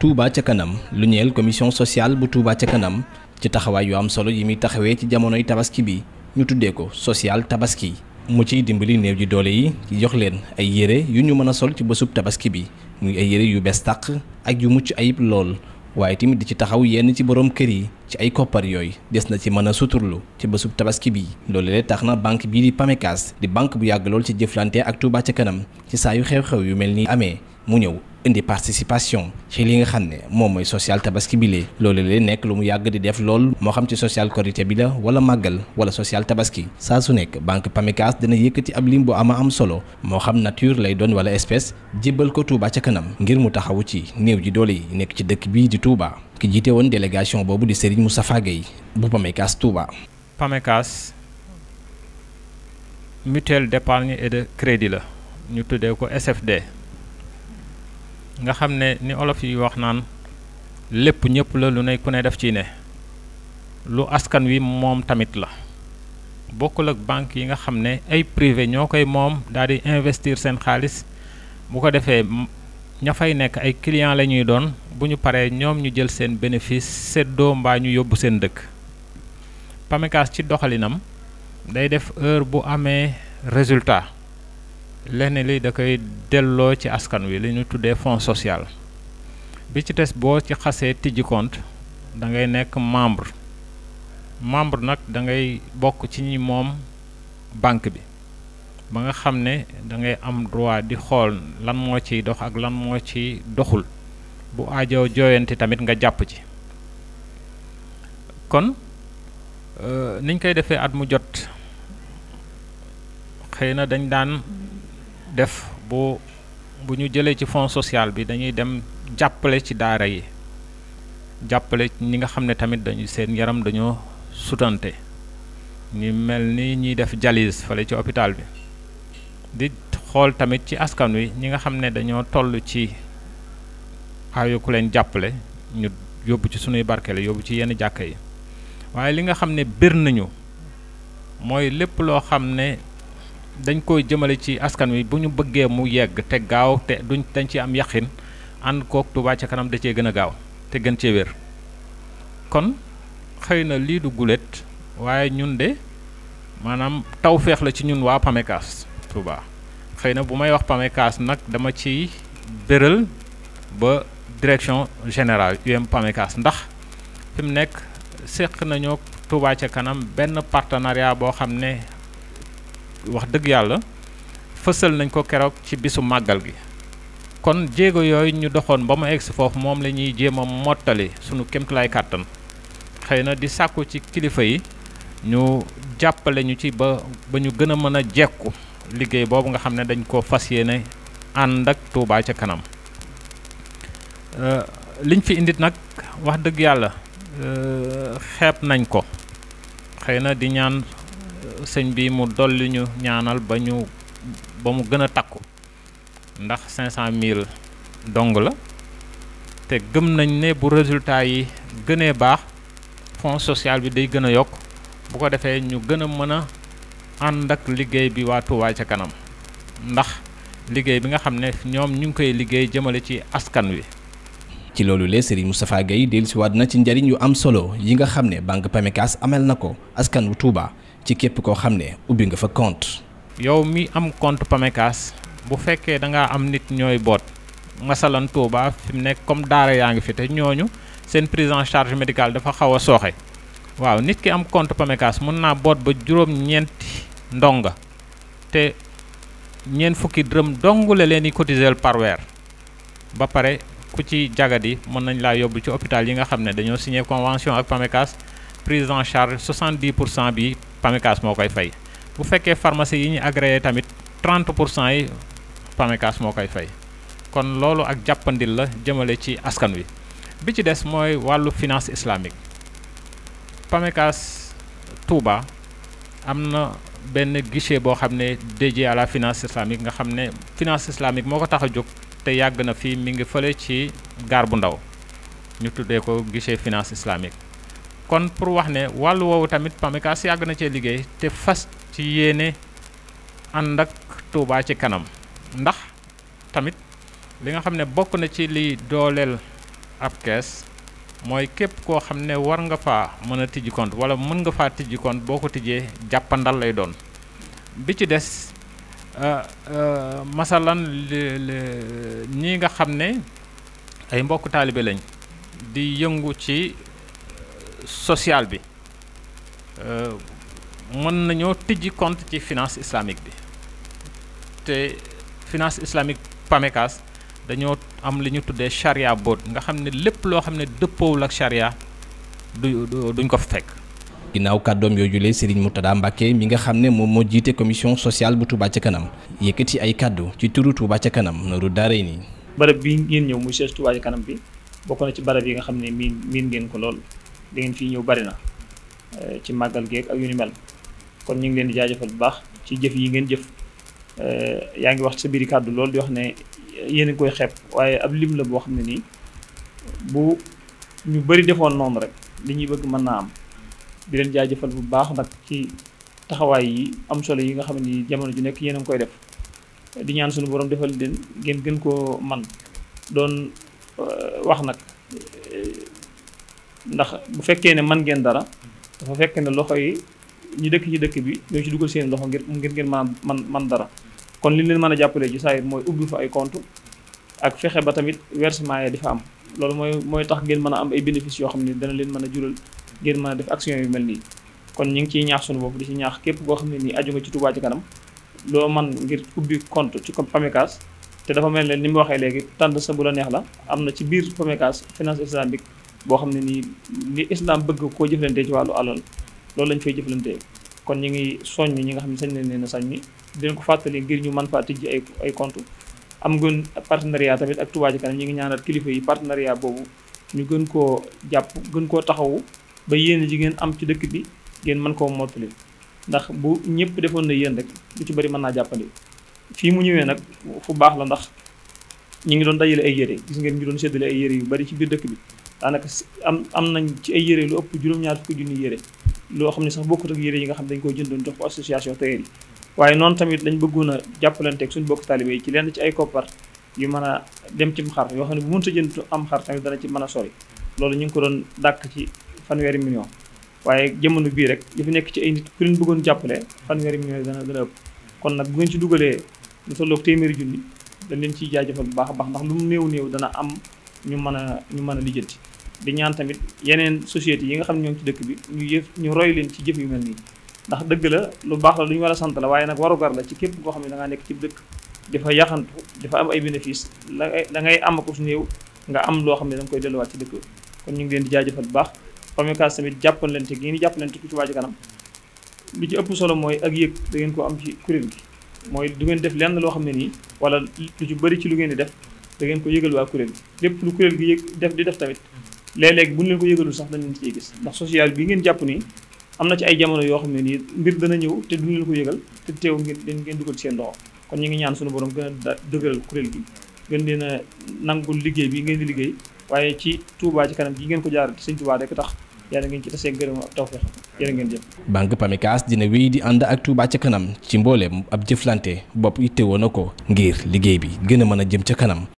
Touba ca kanam lu ñeel commission sociale bu Touba ca kanam ci taxawaay yu am solo yi muy taxawee ci jamonoy tabaski bi ñu tuddee ko social tabaski mu ciy dimbali néew ji doole yi ci jox leen ay yére yu ñu mën a sol ci bésub tabaski bi muy ay yére yu bees tàq ak yu mucc ayib lool waaye tamit di ci taxaw yenn ci borom kër yi ci ay koppar yooyu des na ci mën a suturlu ci bésu tabaski bi loolu lee tax na banque bii di PAMECAS di banque bu yàgg lool ci jëflante ak Touba ci kanam ci saa yu xew-xew yu mel ni amee mu ñëw indi participation ci li nga xam ne moom mooy social tabaski bi lee loolu lay nekk lu mu yàgg di def lool moo xam ci social korité bi la wala màggal wala social tabaski saa su nekk banque PAMECAS dina yëkkati ab lim bu ama am solo moo xam nature lay doon wala espèce jébbal ko Touba ca kanam ngir mu taxawu ci néew ji doole yi nekk ci dëkk bii di Touba ki jiite woon délégation boobu di Serigne Moustapha Gueye bu PAMECAS Touba. PAMECAS mutuelle d'épargne et de crédit la ñu tuddee ko SFD. nga xam ne ni olof yi wax naan lépp ñëpp la lu ne ku ne def ci ne lu askan wi moom tamit la bokkul ak banque yi nga xam ne ay privé ñoo koy moom daal di investir seen xaalis bu ko defee ña fay nekk ay client la ñuy doon bu ñu paree ñoom ñu jël seen bénéfice seddoo mbaa ñu yóbbu seen dëkk PAMECAS ci doxalinam day def heure bu amee résultat lenn li da koy delloo ci askan wi li ñu tuddee fonds social bi ci des boo ci xasee tijji compte da nekk membre membre nag dangay bokk ci ñi moom banque bi ba nga xam ne da ngay am droit di xool lan moo ciy dox ak lan moo ci doxul bu aajo jooyanti tamit nga jàpp ci kon euh, niñ koy defee at mu jot xëy na dañ daan def bu bu ñu jëlee ci fonds sociale bi dañuy dem jàppale ci daara yi jàppale ñi nga xam ne tamit dañu seen yaram dañoo sutante ñu mel ni ñuy def dialyse fale ci hôpital bi di xool tamit ci askan wi ñi nga xam ne dañoo toll ci aayo leen jàppale ñu yóbbu ci sunuy barkele yóbbu ci yenn jàkka yi waaye li nga xam ne bir nañu mooy lépp loo xam ne dañ koy jëmale ci askan wi bu ñu bëggee mu yegg te gaaw te duñ dañ ci am yaqin ànd kook Touba ca kanam da cee gën a gaaw te gën cee wér kon xëy na lii du guléet waaye ñun de maanaam taw feex la ci ñun waa pamekaas Touba xëy na bu may wax pamekaas nag dama ci béral ba direction générale UM PAMECAS ndax fi nekk séq nañoo Touba ca kanam benn partenariat boo xam ne wax dëgg yàlla fësal nañ ko keroog ci bisu màggal gi kon jéego yooyu ñu doxoon ba mu egsi foofu moom la ñuy jéem a mottali sunu kémtalaay kàttan xëy na di sàkku ci kilifa yi ñu jàppale ñu ci ba ba ñu gën a mën a jekku liggéey boobu nga xam ne dañ ko fas yéene ànd ak Touba ca kanam euh, liñ fi indi nag wax dëgg yàlla euh, xeeb nañ ko xëy na di ñaan sëñ bi mu dolli ñu ñaanal ba ñu ba mu gën a takku ndax cinq cent 500000 dong la te gëm nañ ne bu résultat yi gënee baax fonds social bi day gën a yokk bu ko defee ñu gën a mën a ànd ak liggéey bi waa Touba ca kanam ndax liggéey bi nga xam ne ñoom ñu ngi koy liggéey jëmale ci askan wi. ci loolu lee Serigne Moustapha Gueye dellusiwaat na ci njëriñ yu am solo yi nga xam ne banque PAMECAS ameel na ko askan wu tuubaa ci képp koo xam ne ubbi nga fa compte. yow mi am compte Pamecas bu fekkee da ngaa am nit ñooy boot masalan Touba fi mu nekk comme daara yaa ngi fi te ñooñu seen prise en charge médicale dafa xaw a sooxe waaw nit ki am compte Pamecas mën naa boot ba juróom-ñeenti ndonga te ñeent fukki dërëm dong leen di cotiser par weer ba pare ku ci jagadi mën nañ laa yóbbu ci hôpital yi nga xam ne dañoo signé convention ak Pamecas prise en charge 70 pour cent bi PAMECAS moo koy fay bu fekkee pharmacie yi ñu agréé tamit 30 pour cent yi PAMECAS moo koy fay kon loolu ak jàppandil la jëmale ci askan wi bi ci des mooy wàllu finance islamique PAMECAS Touba am na benn guichet boo xam ne dédié à finance islamique nga xam ne finance islamique moo ko tax a jóg te yàgg na fii mi ngi fële ci gaar bu ndaw ñu tuddee ko guichet finance islamique kon pour wax ne wàll woowu tamit PAMECAS yàgg na cee liggéey te fas ci yéene ànd ak Touba ci kanam ndax tamit li nga xam ne bokk na ci liy dooleel ab kees mooy képp koo xam ne war nga fa mën a tijji compte wala mën nga faa tijji compte boo ko tijjee jàppandal lay doon bi ci des euh, euh, masalan ñi nga xam ne ay mbokk taalibe lañ di yëngu ci sociale bi euh, mën nañoo tijji compte ci finance islamique bi te finance islamique PAMECAS dañoo am li ñu tuddee charia boot nga xam ne lépp loo xam ne dëppoowul ak charia du duñ ko fekk. ginnaaw yooyu yoo julee Serigne Moutada Mbacke mi nga xam ne moom moo jiite commission sociale bu Touba ca kanam yëkkati ay kàddu ci turu Touba ca kanam nooru daaree nii. barab bi ngeen ñëw muy siège Touba ca kanam bi bokk na ci barab yi nga xam ne miin miin ngeen li ngeen fii ñëw bari na eh, ci màggal geeg ak yu ni mel kon ñu ngi leen di jaajëfal bu baax ci jëf yi ngeen jëf eh, yaa ngi wax sa biir kàddu loolu di wax ne yéen a koy xeeb waaye ab lim la boo xam ne nii bu ñu bari defoon noonu rek li ñuy bëgg mën naa am di leen jaajëfal bu baax nag ci taxawaay yi am solo yi nga xam ni jamono ju nekk yéen a ngi koy def di ñaan suñu borom defal leen ngeen gën koo man doon eh, wax nag ndax bu fekkee ne man ngeen dara dafa fekk ne loxo yi ñu dëkk ci dëkk bi ñoo ci dugal seen loxo ngir ngir ngeen mën a man man dara kon li leen mën a jàppale ji ci saayir mooy ubbi fa ay compte ak fexe ba tamit versement yi di fa am loolu mooy mooy tax ngeen mën a am ay bénéfices yoo xam ne dana leen mën a jural ngeen mën action yu mel nii kon ñu ngi ciy ñaax suñu bopp di ci ñaax képp koo xam ne nii aju ci Touba kanam loo man ngir ubbi compte ci comme Pamecas te dafa mel ne ni mu waxee léegi tànn sa bu la neex la am na ci biir Pamecas finance islamique boo xam ne nii li islam bëgg koo jëflante ci wàllu alal loolu lañ fay jëflante kon ñu ngi soññ ñi nga xam ne sañ nañ leen a saññi dinañ ko fàttali ngir ñu man faa tijji ay ay compte am gën partenariat tamit ak Touba Kanam ñi ngi ñaanal kilifa yi partenariat boobu ñu gën koo jàpp gën koo taxawu ba yéen jigéen am ci dëkk bi ngeen mën koo mottali ndax bu ñëpp defoon na yéen rek lu ci bari mën naa jàppandi fii mu ñëwee nag fu baax la ndax ñi ngi doon dajale ay yére gis ngeen ñu doon séddale ay yu bari ci biir dëkk bi daanaka am am nañ ci ay yére lu ëpp juróom-ñaar fukki junni yére loo xam ne sax bokkut ak yére yi nga xam dañ koy jëndoon jox ko association tayër yi waaye noonu tamit lañ bëggoon a jàppalanteeg suñu bokk taalibe yi ci lenn ci ay koppar yu a dem cim xar yoo xam ne bu mënta jënd am xar tamit dana ci mën a loolu ñu ngi ko doon dàkk ci fanweeri million waaye jamono bii rek li fi nekk ci ay nit ku leen bëggoon jàppale fanweeri million dana dana ëpp kon nag bu ngeen ci dugalee lu tolloog téeméeri junni dañ leen ciy jaajëfal bu baax a baax ndax lu mu néew new dana am ñu mën a ñu mën a lijjanti di ñaan tamit yeneen société yi nga xam ne ñoo ngi ci dëkk bi ñu yëf ñu roy leen ci jëf yu mel nii ndax dëgg la lu baax la lu ñu war a sant la waaye nag warugar la ci képp koo xam ne da nekk ci dëkk dafa yaxantu am ay bénéfice la da ngay am ko su néew nga am loo xam ne da koy delluwaat ci dëkk kon ñu ngi leen di jaajëfal bu baax Pamecas tamit jàppalante gi ni jàppalante ku ci Touba Kanam lu ci ëpp solo mooy ak yëg dangeen ngeen ko am ci kuréel gi mooy du ngeen def lenn loo xam ne nii wala lu ci bari ci lu ngeen di def da ngeen ko yëgal waa kuréel lépp lu kuréel gi yëg def di def tamit léeg bu ñu leen ko yëgalul sax dañ leen ciy gis ndax social bi ngeen jàpp nii am na ci ay jamono yoo xam ne nii mbir dana ñëw te duñu leen ko yëgal te teew ngeen ngeen dugal ci seen loxo kon ñu ngi ñaan suñu borom gën a dëgëral kuréel gi gën leen a nangul liggéey bi ngeen di liggéey waaye ci tuubaa ci kanam gi ngeen ko jaar sëñ Touba rek tax yàlla ngeen ci tasee gërëm ak tawfeex yéen ngeen jëf. banque PAMECAS dina wéy di ànd ak Touba ca kanam ci mbooleem ab jëflante bopp itteewoo na ko ngir liggéey bi gën a mën a jëm ca kanam